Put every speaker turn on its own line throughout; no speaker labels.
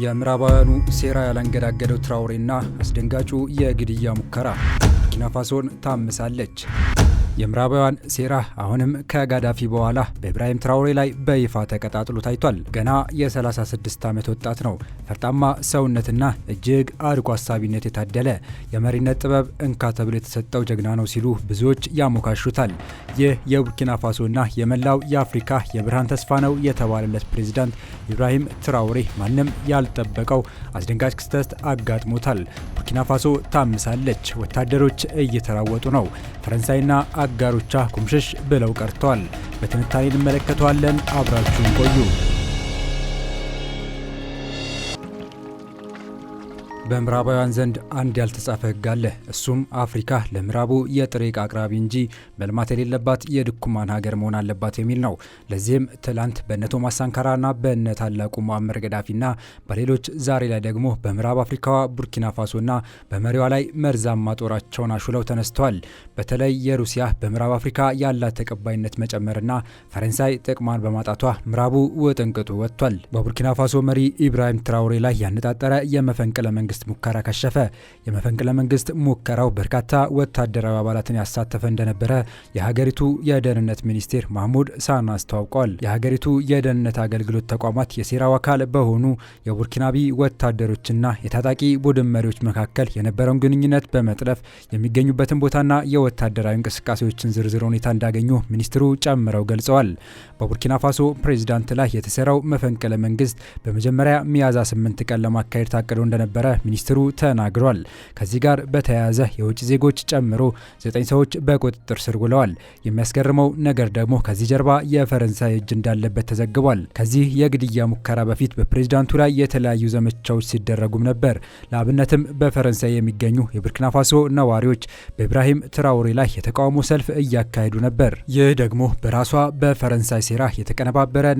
የምዕራባውያኑ ሴራ ያላንገዳገደው ትራውሬና አስደንጋጩ የግድያ ሙከራ ቡርኪና ፋሶን ታምሳለች። የምዕራባውያን ሴራ አሁንም ከጋዳፊ በኋላ በኢብራሂም ትራውሬ ላይ በይፋ ተቀጣጥሎ ታይቷል። ገና የ36 ዓመት ወጣት ነው። ፈርጣማ ሰውነትና እጅግ አርቆ አሳቢነት የታደለ የመሪነት ጥበብ እንካ ተብሎ የተሰጠው ጀግና ነው ሲሉ ብዙዎች ያሞካሹታል። ይህ የቡርኪና ፋሶና የመላው የአፍሪካ የብርሃን ተስፋ ነው የተባለለት ፕሬዚዳንት ኢብራሂም ትራውሬ ማንም ያልጠበቀው አስደንጋጭ ክስተት አጋጥሞታል። ቡርኪና ፋሶ ታምሳለች። ወታደሮች እየተራወጡ ነው። ፈረንሳይና አጋሮቻ ኩምሽሽ ብለው ቀርተዋል። በትንታኔ እንመለከተዋለን። አብራችሁን ቆዩ። በምዕራባውያን ዘንድ አንድ ያልተጻፈ ሕግ አለ። እሱም አፍሪካ ለምዕራቡ የጥሬ ዕቃ አቅራቢ እንጂ መልማት የሌለባት የድኩማን ሀገር መሆን አለባት የሚል ነው። ለዚህም ትላንት በነ ቶማስ ሳንካራና በነ ታላቁ ሙአመር ገዳፊና በሌሎች ዛሬ ላይ ደግሞ በምዕራብ አፍሪካዋ ቡርኪና ፋሶና በመሪዋ ላይ መርዛማ ጦራቸውን አሹለው ተነስተዋል። በተለይ የሩሲያ በምዕራብ አፍሪካ ያላት ተቀባይነት መጨመርና ፈረንሳይ ጥቅሟን በማጣቷ ምዕራቡ ውጥንቅጡ ወጥቷል። በቡርኪና ፋሶ መሪ ኢብራሂም ትራውሬ ላይ ያነጣጠረ የመፈንቅለ መንግስት መንግስት ሙከራ ከሸፈ። የመፈንቅለ መንግስት ሙከራው በርካታ ወታደራዊ አባላትን ያሳተፈ እንደነበረ የሀገሪቱ የደህንነት ሚኒስቴር ማህሙድ ሳና አስተዋውቋል። የሀገሪቱ የደህንነት አገልግሎት ተቋማት የሴራው አካል በሆኑ የቡርኪናቢ ወታደሮችና የታጣቂ ቡድን መሪዎች መካከል የነበረውን ግንኙነት በመጥለፍ የሚገኙበትን ቦታና የወታደራዊ እንቅስቃሴዎችን ዝርዝር ሁኔታ እንዳገኙ ሚኒስትሩ ጨምረው ገልጸዋል። በቡርኪና ፋሶ ፕሬዚዳንት ላይ የተሰራው መፈንቅለ መንግስት በመጀመሪያ ሚያዝያ 8 ቀን ለማካሄድ ታቅዶ እንደነበረ ሚኒስትሩ ተናግሯል። ከዚህ ጋር በተያያዘ የውጭ ዜጎች ጨምሮ ዘጠኝ ሰዎች በቁጥጥር ስር ውለዋል። የሚያስገርመው ነገር ደግሞ ከዚህ ጀርባ የፈረንሳይ እጅ እንዳለበት ተዘግቧል። ከዚህ የግድያ ሙከራ በፊት በፕሬዚዳንቱ ላይ የተለያዩ ዘመቻዎች ሲደረጉም ነበር። ለአብነትም በፈረንሳይ የሚገኙ የቡርኪና ፋሶ ነዋሪዎች በኢብራሂም ትራውሬ ላይ የተቃውሞ ሰልፍ እያካሄዱ ነበር። ይህ ደግሞ በራሷ በፈረንሳይ ሴራ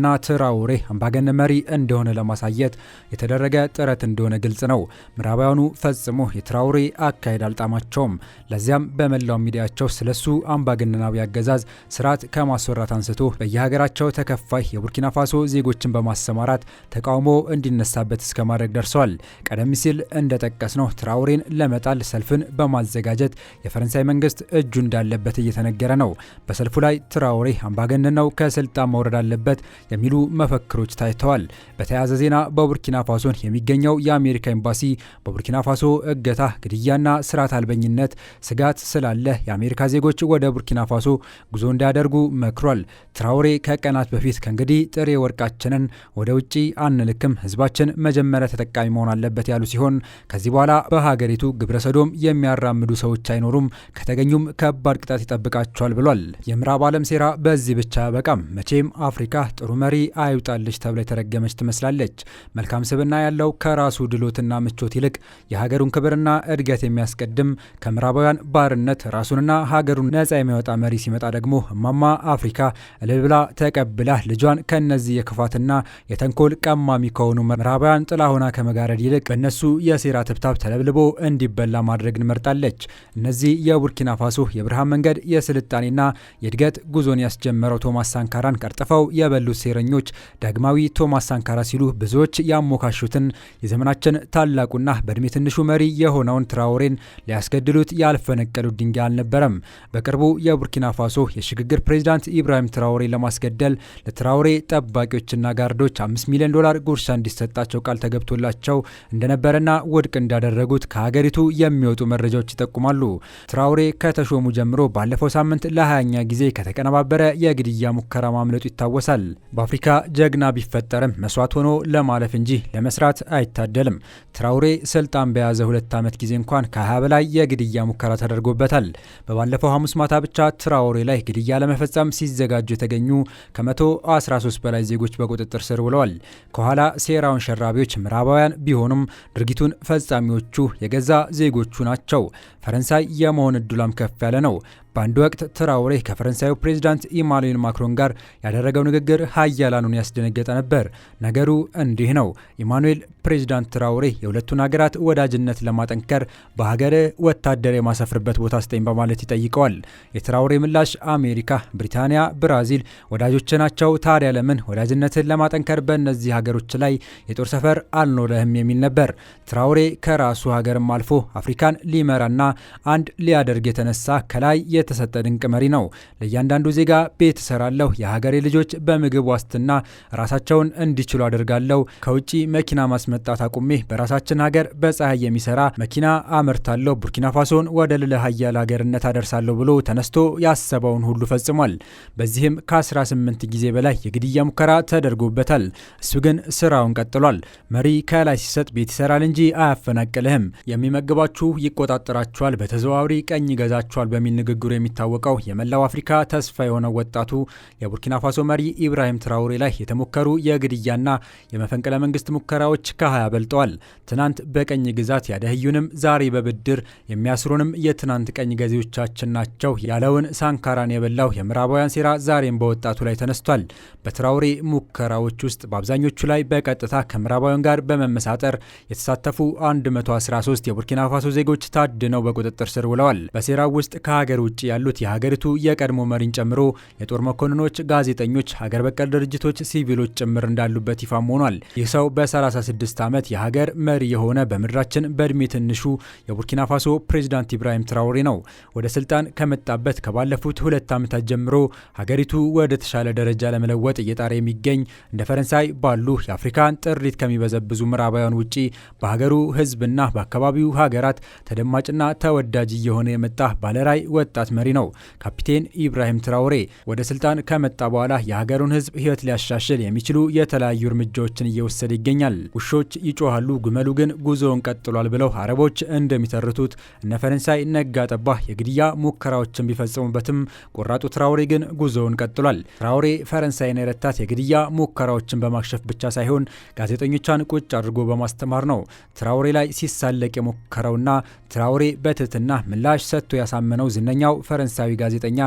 እና ትራውሬ አምባገነን መሪ እንደሆነ ለማሳየት የተደረገ ጥረት እንደሆነ ግልጽ ነው። ምዕራባውያኑ ፈጽሞ የትራውሬ አካሄድ አልጣማቸውም። ለዚያም በመላው ሚዲያቸው ስለሱ አምባገነናዊ አገዛዝ ስርዓት ከማስወራት አንስቶ በየሀገራቸው ተከፋይ የቡርኪና ፋሶ ዜጎችን በማሰማራት ተቃውሞ እንዲነሳበት እስከ ማድረግ ደርሰዋል። ቀደም ሲል እንደጠቀስነው ትራውሬን ለመጣል ሰልፍን በማዘጋጀት የፈረንሳይ መንግስት እጁ እንዳለበት እየተነገረ ነው። በሰልፉ ላይ ትራውሬ አምባገነን ነው፣ ከስልጣን መውረድ አለበት የሚሉ መፈክሮች ታይተዋል። በተያያዘ ዜና በቡርኪና ፋሶን የሚገኘው የአሜሪካ ኤምባሲ በቡርኪና ፋሶ እገታ፣ ግድያና ስርዓት አልበኝነት ስጋት ስላለ የአሜሪካ ዜጎች ወደ ቡርኪና ፋሶ ጉዞ እንዲያደርጉ መክሯል። ትራውሬ ከቀናት በፊት ከእንግዲህ ጥሬ ወርቃችንን ወደ ውጭ አንልክም፣ ህዝባችን መጀመሪያ ተጠቃሚ መሆን አለበት ያሉ ሲሆን ከዚህ በኋላ በሀገሪቱ ግብረ ሰዶም የሚያራምዱ ሰዎች አይኖሩም፣ ከተገኙም ከባድ ቅጣት ይጠብቃቸዋል ብሏል። የምዕራብ ዓለም ሴራ በዚህ ብቻ በቃም። መቼም አፍሪካ ጥሩ መሪ አይውጣልሽ ተብላ የተረገመች ትመስላለች። መልካም ስብና ያለው ከራሱ ድሎትና ምቾት ከሚሉት ይልቅ የሀገሩን ክብርና እድገት የሚያስቀድም ከምዕራባውያን ባርነት ራሱንና ሀገሩን ነጻ የሚያወጣ መሪ ሲመጣ ደግሞ እማማ አፍሪካ እልል ብላ ተቀብላ ልጇን ከእነዚህ የክፋትና የተንኮል ቀማሚ ከሆኑ ምዕራባውያን ጥላ ሆና ከመጋረድ ይልቅ በእነሱ የሴራ ትብታብ ተለብልቦ እንዲበላ ማድረግን መርጣለች። እነዚህ የቡርኪና ፋሶ የብርሃን መንገድ የስልጣኔና የእድገት ጉዞን ያስጀመረው ቶማስ ሳንካራን ቀርጥፈው የበሉት ሴረኞች ዳግማዊ ቶማስ ሳንካራ ሲሉ ብዙዎች ያሞካሹትን የዘመናችን ታላቁ ያላቸውና በእድሜ ትንሹ መሪ የሆነውን ትራውሬን ሊያስገድሉት ያልፈነቀሉት ድንጋይ አልነበረም። በቅርቡ የቡርኪና ፋሶ የሽግግር ፕሬዚዳንት ኢብራሂም ትራውሬ ለማስገደል ለትራውሬ ጠባቂዎችና ጋርዶች አምስት ሚሊዮን ዶላር ጉርሻ እንዲሰጣቸው ቃል ተገብቶላቸው እንደነበረና ውድቅ እንዳደረጉት ከሀገሪቱ የሚወጡ መረጃዎች ይጠቁማሉ። ትራውሬ ከተሾሙ ጀምሮ ባለፈው ሳምንት ለሀያኛ ጊዜ ከተቀነባበረ የግድያ ሙከራ ማምለጡ ይታወሳል። በአፍሪካ ጀግና ቢፈጠርም መስዋዕት ሆኖ ለማለፍ እንጂ ለመስራት አይታደልም። ትራውሬ ስልጣን በያዘ ሁለት ዓመት ጊዜ እንኳን ከ20 በላይ የግድያ ሙከራ ተደርጎበታል። በባለፈው ሐሙስ ማታ ብቻ ትራኦሬ ላይ ግድያ ለመፈጸም ሲዘጋጁ የተገኙ ከ113 በላይ ዜጎች በቁጥጥር ስር ውለዋል። ከኋላ ሴራውን ሸራቢዎች ምዕራባውያን ቢሆኑም ድርጊቱን ፈጻሚዎቹ የገዛ ዜጎቹ ናቸው። ፈረንሳይ የመሆን እድሏም ከፍ ያለ ነው። በአንድ ወቅት ትራውሬ ከፈረንሳዩ ፕሬዚዳንት ኢማኑኤል ማክሮን ጋር ያደረገው ንግግር ሀያላኑን ያስደነገጠ ነበር። ነገሩ እንዲህ ነው። ኢማኑኤል ፕሬዚዳንት ትራውሬ የሁለቱን ሀገራት ወዳጅነት ለማጠንከር በሀገር ወታደር የማሰፍርበት ቦታ ስጠኝ በማለት ይጠይቀዋል። የትራውሬ ምላሽ አሜሪካ፣ ብሪታንያ፣ ብራዚል ወዳጆች ናቸው። ታዲያ ለምን ወዳጅነትን ለማጠንከር በእነዚህ ሀገሮች ላይ የጦር ሰፈር አልኖረህም የሚል ነበር። ትራውሬ ከራሱ ሀገርም አልፎ አፍሪካን ሊመራና አንድ ሊያደርግ የተነሳ ከላይ የተሰጠ ድንቅ መሪ ነው። ለእያንዳንዱ ዜጋ ቤት እሰራለሁ፣ የሀገሬ ልጆች በምግብ ዋስትና ራሳቸውን እንዲችሉ አድርጋለሁ፣ ከውጭ መኪና ማስመጣት አቁሜ በራሳችን ሀገር በፀሐይ የሚሰራ መኪና አመርታለሁ፣ ቡርኪና ፋሶን ወደ ልዕለ ሀያል ሀገርነት አደርሳለሁ ብሎ ተነስቶ ያሰበውን ሁሉ ፈጽሟል። በዚህም ከ18 ጊዜ በላይ የግድያ ሙከራ ተደርጎበታል። እሱ ግን ስራውን ቀጥሏል። መሪ ከላይ ሲሰጥ ቤት ይሰራል እንጂ አያፈናቅልህም፣ የሚመግባችሁ ይቆጣጠራችኋል፣ በተዘዋዋሪ ቀኝ ይገዛችኋል በሚል ንግግሩ በዝውውር የሚታወቀው የመላው አፍሪካ ተስፋ የሆነው ወጣቱ የቡርኪና ፋሶ መሪ ኢብራሂም ትራውሬ ላይ የተሞከሩ የግድያና የመፈንቅለ መንግስት ሙከራዎች ከ20 በልጠዋል። ትናንት በቀኝ ግዛት ያደህዩንም ዛሬ በብድር የሚያስሩንም የትናንት ቀኝ ገዜዎቻችን ናቸው ያለውን ሳንካራን የበላው የምዕራባውያን ሴራ ዛሬም በወጣቱ ላይ ተነስቷል። በትራውሬ ሙከራዎች ውስጥ በአብዛኞቹ ላይ በቀጥታ ከምዕራባውያን ጋር በመመሳጠር የተሳተፉ 113 የቡርኪና ፋሶ ዜጎች ታድነው በቁጥጥር ስር ውለዋል። በሴራው ውስጥ ከሀገር ውጭ ያሉት የሀገሪቱ የቀድሞ መሪን ጨምሮ የጦር መኮንኖች፣ ጋዜጠኞች፣ ሀገር በቀል ድርጅቶች፣ ሲቪሎች ጭምር እንዳሉበት ይፋም ሆኗል። ይህ ሰው በ36 ዓመት የሀገር መሪ የሆነ በምድራችን በእድሜ ትንሹ የቡርኪና ፋሶ ፕሬዚዳንት ኢብራሂም ትራውሬ ነው። ወደ ስልጣን ከመጣበት ከባለፉት ሁለት ዓመታት ጀምሮ ሀገሪቱ ወደ ተሻለ ደረጃ ለመለወጥ እየጣረ የሚገኝ እንደ ፈረንሳይ ባሉ የአፍሪካን ጥሪት ከሚበዘብዙ ምዕራባውያን ውጪ በሀገሩ ህዝብና በአካባቢው ሀገራት ተደማጭና ተወዳጅ እየሆነ የመጣ ባለራይ ወጣት መሪ ነው። ካፒቴን ኢብራሂም ትራውሬ ወደ ስልጣን ከመጣ በኋላ የሀገሩን ሕዝብ ሕይወት ሊያሻሽል የሚችሉ የተለያዩ እርምጃዎችን እየወሰደ ይገኛል። ውሾች ይጮሃሉ፣ ግመሉ ግን ጉዞውን ቀጥሏል ብለው አረቦች እንደሚተርቱት እነ ፈረንሳይ ነጋ ጠባ የግድያ ሙከራዎችን ቢፈጽሙበትም ቆራጡ ትራውሬ ግን ጉዞውን ቀጥሏል። ትራውሬ ፈረንሳይን የረታት የግድያ ሙከራዎችን በማክሸፍ ብቻ ሳይሆን ጋዜጠኞቿን ቁጭ አድርጎ በማስተማር ነው። ትራውሬ ላይ ሲሳለቅ የሞከረውና ትራውሬ በትህትና ምላሽ ሰጥቶ ያሳመነው ዝነኛው ፈረንሳዊ ጋዜጠኛ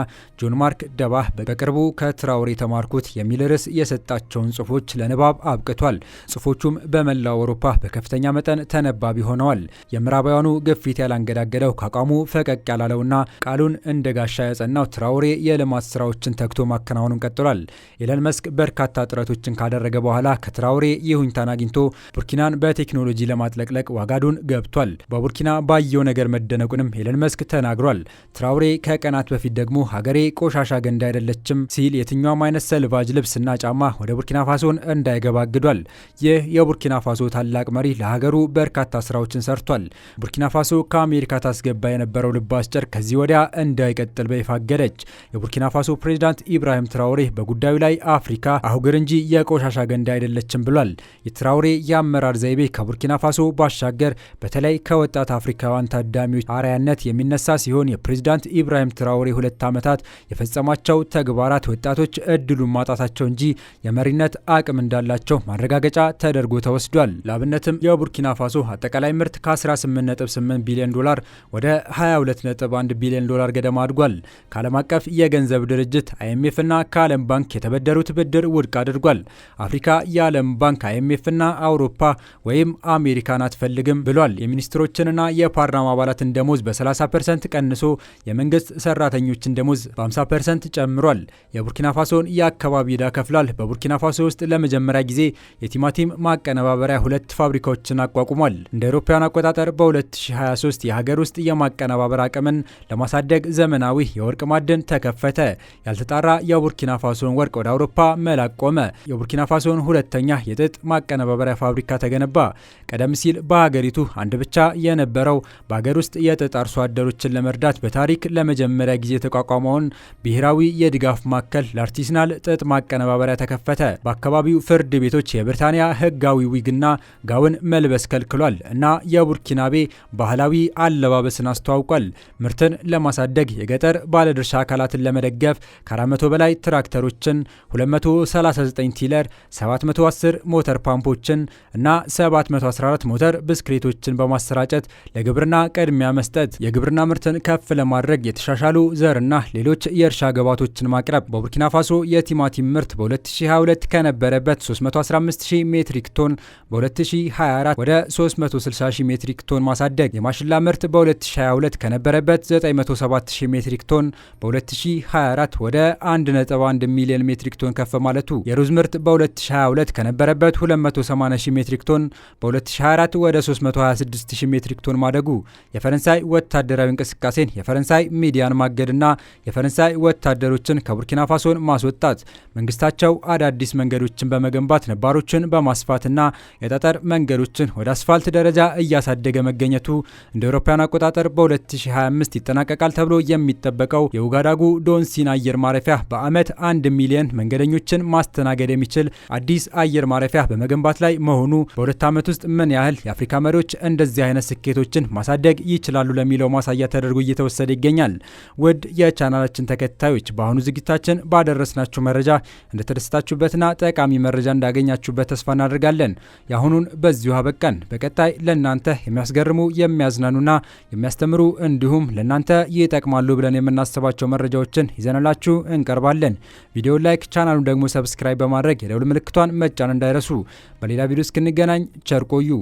ጆን ማርክ ደባህ በቅርቡ ከትራውሬ የተማርኩት የሚል ርዕስ የሰጣቸውን ጽሁፎች ለንባብ አብቅቷል። ጽሁፎቹም በመላው አውሮፓ በከፍተኛ መጠን ተነባቢ ሆነዋል። የምዕራባውያኑ ግፊት ያላንገዳገደው ከአቋሙ ፈቀቅ ያላለውና ቃሉን እንደ ጋሻ ያጸናው ትራውሬ የልማት ስራዎችን ተግቶ ማከናወኑን ቀጥሏል። ኢለን መስክ በርካታ ጥረቶችን ካደረገ በኋላ ከትራውሬ ይሁኝታን አግኝቶ ቡርኪናን በቴክኖሎጂ ለማጥለቅለቅ ዋጋዱን ገብቷል። በቡርኪና ባየው ነገር መደነቁንም ኤለን መስክ ተናግሯል። ትራውሬ ከቀናት በፊት ደግሞ ሀገሬ ቆሻሻ ገንዳ አይደለችም ሲል የትኛውም አይነት ሰልቫጅ ልብስና ጫማ ወደ ቡርኪና ፋሶን እንዳይገባ አግዷል። ይህ የቡርኪና ፋሶ ታላቅ መሪ ለሀገሩ በርካታ ስራዎችን ሰርቷል። ቡርኪና ፋሶ ከአሜሪካ ታስገባ የነበረው ልብ አስጨር ከዚህ ወዲያ እንዳይቀጥል በይፋ አገደች። የቡርኪና ፋሶ ፕሬዚዳንት ኢብራሂም ትራውሬ በጉዳዩ ላይ አፍሪካ አህጉር እንጂ የቆሻሻ ገንዳ አይደለችም ብሏል። የትራውሬ የአመራር ዘይቤ ከቡርኪና ፋሶ ባሻገር በተለይ ከወጣት አፍሪካውያን ታዳሚዎች አርያነት የሚነሳ ሲሆን የፕሬዚዳንት ኢብራሂም ትራውሬ ሁለት ዓመታት የፈጸማቸው ተግባራት ወጣቶች እድሉን ማጣታቸው እንጂ የመሪነት አቅም እንዳላቸው ማረጋገጫ ተደርጎ ተወስዷል። ለአብነትም የቡርኪና ፋሶ አጠቃላይ ምርት ከ188 ቢሊዮን ዶላር ወደ 221 ቢሊዮን ዶላር ገደማ አድጓል። ከዓለም አቀፍ የገንዘብ ድርጅት አይኤምኤፍ እና ከዓለም ባንክ የተበደሩት ብድር ውድቅ አድርጓል። አፍሪካ የዓለም ባንክ አይኤምኤፍ እና አውሮፓ ወይም አሜሪካን አትፈልግም ብሏል። የሚኒስትሮችንና የፓርላማ አባላትን ደሞዝ በ30 ፐርሰንት ቀንሶ የመንግስት መንግስት ሰራተኞችን ደሞዝ በ50 ፐርሰንት ጨምሯል። የቡርኪና ፋሶን የአካባቢ ዕዳ ከፍሏል። በቡርኪና ፋሶ ውስጥ ለመጀመሪያ ጊዜ የቲማቲም ማቀነባበሪያ ሁለት ፋብሪካዎችን አቋቁሟል። እንደ አውሮፓውያን አቆጣጠር በ2023 የሀገር ውስጥ የማቀነባበር አቅምን ለማሳደግ ዘመናዊ የወርቅ ማዕድን ተከፈተ። ያልተጣራ የቡርኪና ፋሶን ወርቅ ወደ አውሮፓ መላክ ቆመ። የቡርኪና ፋሶን ሁለተኛ የጥጥ ማቀነባበሪያ ፋብሪካ ተገነባ። ቀደም ሲል በሀገሪቱ አንድ ብቻ የነበረው በሀገር ውስጥ የጥጥ አርሶ አደሮችን ለመርዳት በታሪክ ለመጀመሪያ ጊዜ የተቋቋመውን ብሔራዊ የድጋፍ ማዕከል ለአርቲስናል ጥጥ ማቀነባበሪያ ተከፈተ። በአካባቢው ፍርድ ቤቶች የብሪታንያ ህጋዊ ዊግና ጋውን መልበስ ከልክሏል እና የቡርኪናቤ ባህላዊ አለባበስን አስተዋውቋል። ምርትን ለማሳደግ የገጠር ባለድርሻ አካላትን ለመደገፍ ከ400 በላይ ትራክተሮችን፣ 239 ቲለር፣ 710 ሞተር ፓምፖችን እና 714 ሞተር ብስክሌቶችን በማሰራጨት ለግብርና ቅድሚያ መስጠት የግብርና ምርትን ከፍ ለማድረግ የተሻሻሉ ዘርና ሌሎች የእርሻ ግብዓቶችን ማቅረብ። በቡርኪና ፋሶ የቲማቲም ምርት በ2022 ከነበረበት 315000 ሜትሪክ ቶን በ2024 ወደ 360000 ሜትሪክ ቶን ማሳደግ፣ የማሽላ ምርት በ2022 ከነበረበት 907000 ሜትሪክ ቶን በ2024 ወደ 1.1 ሚሊዮን ሜትሪክ ቶን ከፍ ማለቱ፣ የሩዝ ምርት በ2022 ከነበረበት 280000 ሜትሪክ ቶን በ2024 ወደ 326000 ሜትሪክ ቶን ማደጉ የፈረንሳይ ወታደራዊ እንቅስቃሴን የፈረንሳይ ሚዲያን ማገድና የፈረንሳይ ወታደሮችን ከቡርኪና ፋሶን ማስወጣት መንግስታቸው አዳዲስ መንገዶችን በመገንባት ነባሮችን በማስፋትና የጠጠር መንገዶችን ወደ አስፋልት ደረጃ እያሳደገ መገኘቱ እንደ አውሮፓውያን አቆጣጠር በ2025 ይጠናቀቃል ተብሎ የሚጠበቀው የኡጋዳጉ ዶንሲን አየር ማረፊያ በአመት አንድ ሚሊዮን መንገደኞችን ማስተናገድ የሚችል አዲስ አየር ማረፊያ በመገንባት ላይ መሆኑ በሁለት ዓመት ውስጥ ምን ያህል የአፍሪካ መሪዎች እንደዚህ አይነት ስኬቶችን ማሳደግ ይችላሉ ለሚለው ማሳያ ተደርጎ እየተወሰደ ይገኛል። ተደምጠዋል። ውድ የቻናላችን ተከታዮች በአሁኑ ዝግጅታችን ባደረስናችሁ መረጃ እንደተደሰታችሁበትና ጠቃሚ መረጃ እንዳገኛችሁበት ተስፋ እናደርጋለን። የአሁኑን በዚሁ አበቃን። በቀጣይ ለእናንተ የሚያስገርሙ የሚያዝናኑና የሚያስተምሩ እንዲሁም ለእናንተ ይጠቅማሉ ብለን የምናስባቸው መረጃዎችን ይዘናላችሁ እንቀርባለን። ቪዲዮ ላይክ፣ ቻናሉን ደግሞ ሰብስክራይብ በማድረግ የደውል ምልክቷን መጫን እንዳይረሱ። በሌላ ቪዲዮ እስክንገናኝ ቸር ቆዩ።